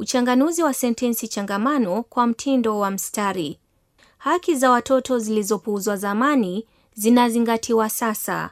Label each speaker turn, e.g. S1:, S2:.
S1: Uchanganuzi wa sentensi changamano kwa mtindo wa mstari. Haki za watoto zilizopuuzwa zamani zinazingatiwa sasa.